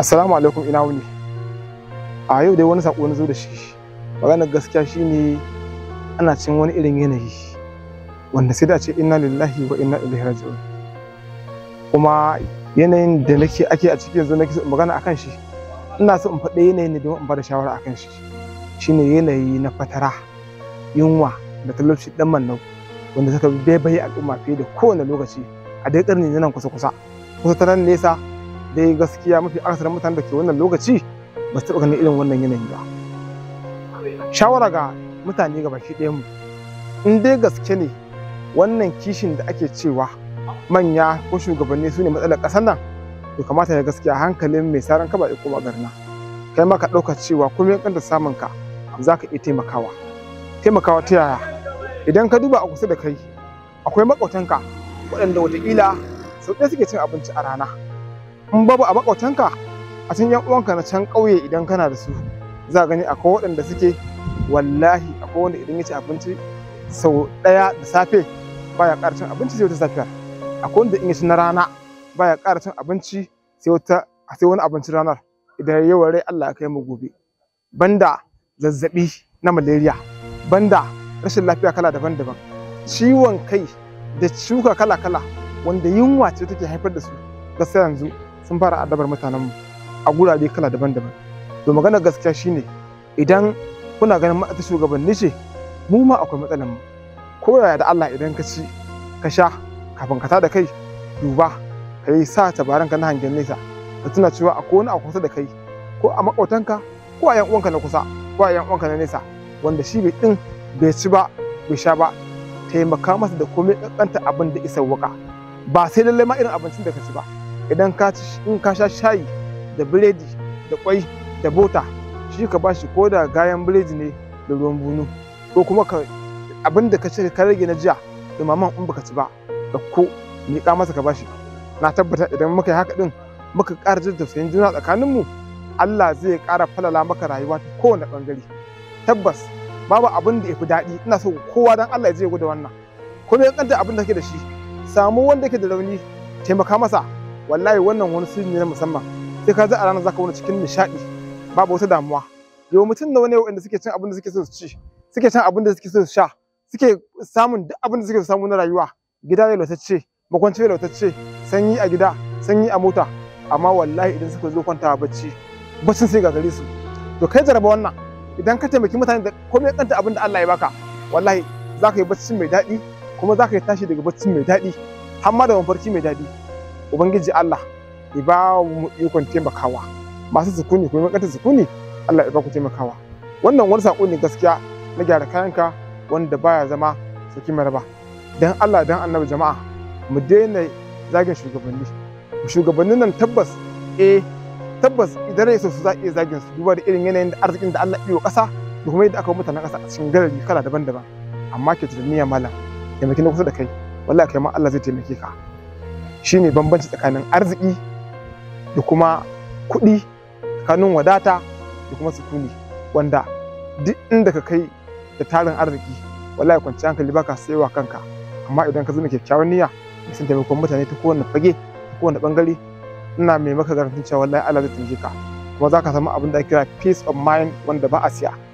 Assalamu alaikum ina wuni. A yau dai wani sako na zo da shi. Maganar gaskiya shine ana cin wani irin yanayi wanda sai da ce inna lillahi wa inna ilaihi raji'un. Kuma yanayin da nake ake a cikin yanzu nake magana akan shi. Ina so in faɗi yanayin da domin in bada shawara akan shi. Shine yanayi na fatara, yunwa da talauci dan mannau wanda suka baibaye al'umma fiye da kowane lokaci a dai ƙarni nan kusa-kusa. Kusa ta nan nesa dai gaskiya mafi akasarin mutanen da ke wannan lokaci ba su taɓa ganin irin wannan yanayi ba shawara ga mutane ga baki ɗaya mu in dai gaske ne wannan kishin da ake cewa manya ko shugabanni su ne matsalar ƙasar nan to kamata ya gaskiya hankalin mai saran kaba ya koma garna kai ma ka ɗauka cewa komai kanta samun ka za ka iya taimakawa taimakawa ta yaya idan ka duba a kusa da kai akwai maƙotanka waɗanda wataƙila sau ɗaya suke cin abinci a rana in babu a makwabtanka a can yan uwanka na can ƙauye idan kana da su za gani akwai waɗanda suke wallahi akwai wanda idan ya ci abinci sau ɗaya da safe baya ƙara cin abinci sai wata safiya akwai wanda in ya ci na rana baya ƙara cin abinci sai wata sai wani abincin ranar idan ya ware Allah ya kai mu gobe banda zazzabi na malaria banda rashin lafiya kala daban-daban ciwon kai da shuka kala-kala wanda yunwa ce take haifar da su gaskiya yanzu sun fara addabar mutanenmu a gurare kala daban-daban to magana gaskiya shine idan kuna ganin ma'aikata shugabanni ce mu ma akwai matsalan mu ko yaya da Allah idan ka ci ka sha kafin ka da kai duba ka yi sa tabaran ka na hangen nesa ka tuna cewa akwai wani a kusa da kai ko a makwautanka ko a yan uwanka na kusa ko a yan uwanka na nesa wanda shi bai din bai ci ba bai sha ba taimaka masa da komai kankanta abin da isa waka ba sai lallai ma irin abincin da ka ci ba idan ka sha shayi da biredi da kwai da bota shi ka bashi ko da gayan biredi ne da ruwan bunu ko kuma ka abin da ka ce ka rage na jiya da maman in baka ci ba da ko ka masa ka bashi na tabbata idan muka yi haka din muka ƙara jin tausayin juna tsakaninmu Allah zai ƙara falala maka rayuwa ta kowane ɓangare tabbas babu abin da ya fi daɗi ina so kowa dan Allah ya je gwada wannan kuma ya kanta abin da kake da shi samu wanda ke da rauni taimaka masa wallahi wannan wani sirri ne na musamman sai ka ji a ranar zaka wani cikin nishaɗi babu wata damuwa yau mutum da wani wanda suke cin abin da suke so su ci suke cin abin da suke so su sha suke samun duk abin da suke samu na rayuwa gida ne lautacce makwanci lautacce sanyi a gida sanyi a mota amma wallahi idan suka zo kwanta bacci baccin sai ga gare su to kai jaraba wannan idan ka taimaki mutane da komai kanta abin da Allah ya baka wallahi zaka yi bacci mai daɗi kuma zaka ka yi tashi daga bacci mai daɗi har ma da mafarki mai daɗi ubangiji Allah ya ba mu ikon taimakawa masu sukuni kuma makata sukuni Allah ya ba ku taimakawa wannan wani sako ne gaskiya na gyara kayanka wanda baya zama saki maraba dan Allah dan annabi jama'a mu daina zagin shugabanni shugabannin nan tabbas eh tabbas idan ne su za iya zagin su duba da irin yanayin da arzikin da Allah ya yi kasa da kuma yadda aka mutanen kasa a cikin garari kala daban-daban amma ke tunaniya malam na kusa da kai wallahi kai ma Allah zai taimake ka shine bambanci tsakanin arziki da kuma kuɗi tsakanin wadata da kuma sukuni wanda duk inda ka kai da tarin arziki wala wallahi kwanci hankali baka sayowa kanka amma idan ka zama kyakkyawan niyya da sun taimakon mutane ta kowane fage ta kowane bangare ina mai maka garantin cewa wallahi Allah zai taimake ka kuma za ka samu abin da ake kira peace of mind wanda ba a siya